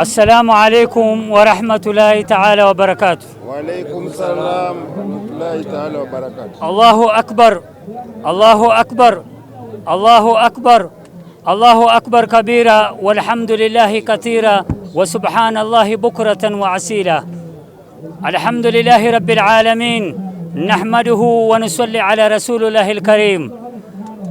السلام عليكم ورحمة الله تعالى وبركاته وعليكم السلام ورحمة الله تعالى وبركاته الله أكبر الله أكبر الله أكبر الله أكبر كبيرا والحمد لله كثيرا وسبحان الله بكرة وعسيلا لله رب العالمين nahmaduhu wa على ala rasulillahi الكريم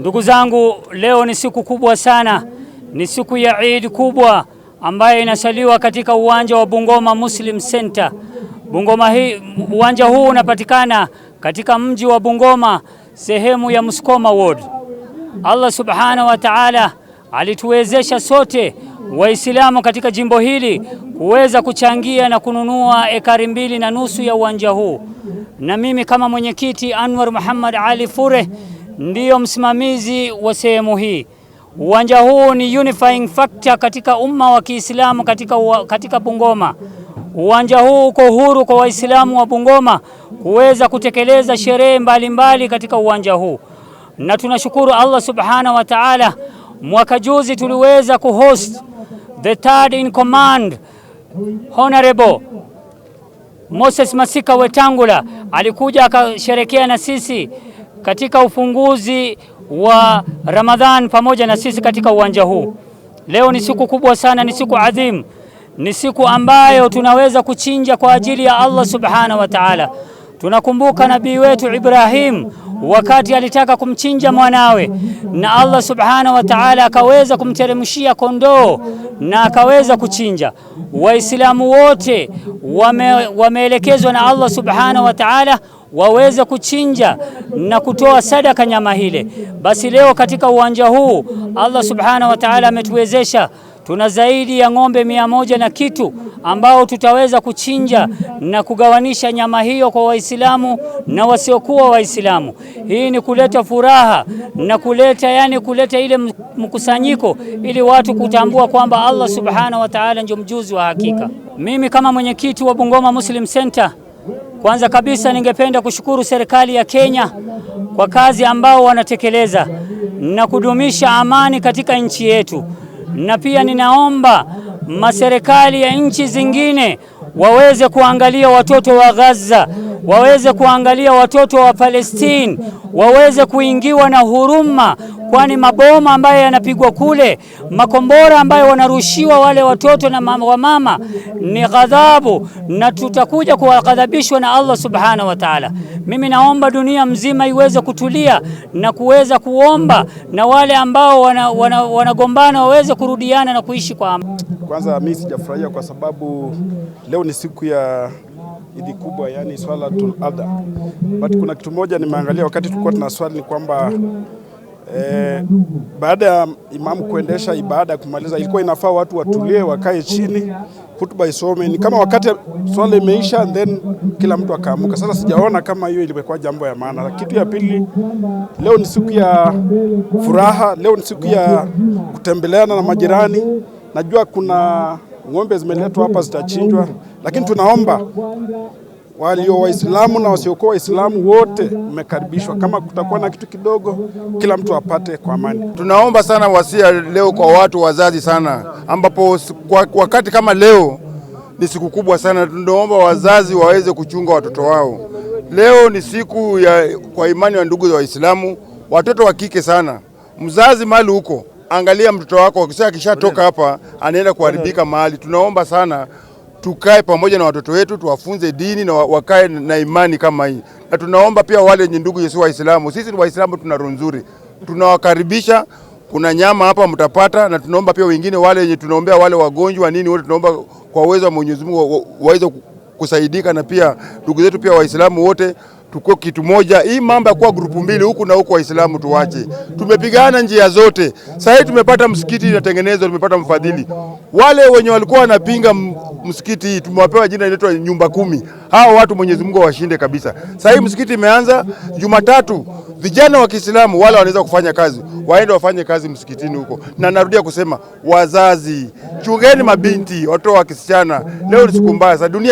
Ndugu zangu, leo ni siku kubwa sana, ni siku ya Eid kubwa ambayo inasaliwa katika uwanja wa Bungoma Muslim Center. Bungoma hii, uwanja huu unapatikana katika mji wa Bungoma, sehemu ya Muskoma Ward. Allah subhanahu wa ta'ala alituwezesha sote Waislamu katika jimbo hili huweza kuchangia na kununua ekari mbili na nusu ya uwanja huu, na mimi kama mwenyekiti Anwar Muhammad Ali Fureh ndiyo msimamizi wa sehemu hii. Uwanja huu ni unifying factor katika umma wa Kiislamu katika, katika Bungoma. Uwanja huu uko huru kwa Waislamu wa Bungoma kuweza kutekeleza sherehe mbalimbali katika uwanja huu, na tunashukuru Allah subhanahu wa ta'ala, mwaka juzi tuliweza kuhost the third in command Honorable Moses Masika Wetangula alikuja akasherekea na sisi katika ufunguzi wa Ramadhan pamoja na sisi katika uwanja huu. Leo ni siku kubwa sana, ni siku adhimu, ni siku ambayo tunaweza kuchinja kwa ajili ya Allah Subhanahu wa Ta'ala. Tunakumbuka nabii wetu Ibrahim wakati alitaka kumchinja mwanawe na Allah subhanahu wa ta'ala akaweza kumteremshia kondoo na akaweza kuchinja. Waislamu wote wame, wameelekezwa na Allah subhanahu wa ta'ala waweze kuchinja na kutoa sadaka nyama hile. Basi leo katika uwanja huu Allah subhanahu wa ta'ala ametuwezesha Tuna zaidi ya ng'ombe mia moja na kitu ambao tutaweza kuchinja na kugawanisha nyama hiyo kwa Waislamu na wasiokuwa Waislamu. Hii ni kuleta furaha na kuleta yani, kuleta ile mkusanyiko ili watu kutambua kwamba Allah subhanahu wa ta'ala ndio mjuzi wa hakika. Mimi kama mwenyekiti wa Bungoma Muslim Center kwanza kabisa ningependa kushukuru serikali ya Kenya kwa kazi ambao wanatekeleza na kudumisha amani katika nchi yetu na pia ninaomba maserikali ya nchi zingine waweze kuangalia watoto wa Gaza, waweze kuangalia watoto wa Palestine, waweze kuingiwa na huruma, kwani maboma ambayo yanapigwa kule, makombora ambayo wanarushiwa wale watoto na mama, wa mama ni ghadhabu, na tutakuja kuwaghadhabishwa na Allah subhanahu wa ta'ala. Mimi naomba dunia mzima iweze kutulia na kuweza kuomba na wale ambao wanagombana wana, wana waweze kurudiana na kuishi kwa amani. Kwanza mimi sijafurahia kwa sababu leo ni siku ya idi kubwa, yani tul adha, but kuna kitu moja nimeangalia wakati tulikuwa tunaswali ni kwamba E, baada ya imamu kuendesha ibada ya kumaliza, ilikuwa inafaa watu watulie, wakae chini, hutuba isome, ni kama wakati swala imeisha, then kila mtu akaamka Sasa sijaona kama hiyo ilikuwa jambo ya maana. Kitu ya pili, leo ni siku ya furaha, leo ni siku ya kutembeleana na majirani. Najua kuna ng'ombe zimeletwa hapa, zitachinjwa, lakini tunaomba walio Waislamu na wasiokuwa Waislamu wote mmekaribishwa. Kama kutakuwa na kitu kidogo, kila mtu apate kwa amani. Tunaomba sana wasia leo kwa watu wazazi sana, ambapo wakati kama leo ni siku kubwa sana. Tunaomba wazazi waweze kuchunga watoto wao. Leo ni siku ya kwa imani ya ndugu za Waislamu, watoto wa kike sana. Mzazi mahali huko, angalia mtoto wako, akishatoka hapa anaenda kuharibika mahali. Tunaomba sana tukae pamoja na watoto wetu tuwafunze dini na wakae na imani kama hii, na tunaomba pia wale wenye ndugu Yesu Waislamu, sisi Waislamu tuna roho nzuri, tunawakaribisha. Kuna nyama hapa mtapata, na tunaomba pia wengine wale wenye tunaombea wale wagonjwa nini, wote tunaomba kwa uwezo wa Mwenyezi Mungu waweze kusaidika, na pia ndugu zetu pia Waislamu wote tuko kitu moja. Hii mambo ya kuwa grupu mbili huku na huku, Waislamu tuwache. Tumepigana njia zote, sasa tumepata msikiti inatengenezwa, tumepata mfadhili. Wale wenye walikuwa wanapinga msikiti tumewapewa jina inaitwa nyumba kumi. Hao watu Mwenyezi Mungu awashinde kabisa. Sasa hii msikiti imeanza Jumatatu, vijana wa Kiislamu wale wanaweza kufanya kazi waende wafanye kazi msikitini huko, na narudia kusema, wazazi chungeni mabinti, watoto wa kisichana. Leo ni siku mbaya dunia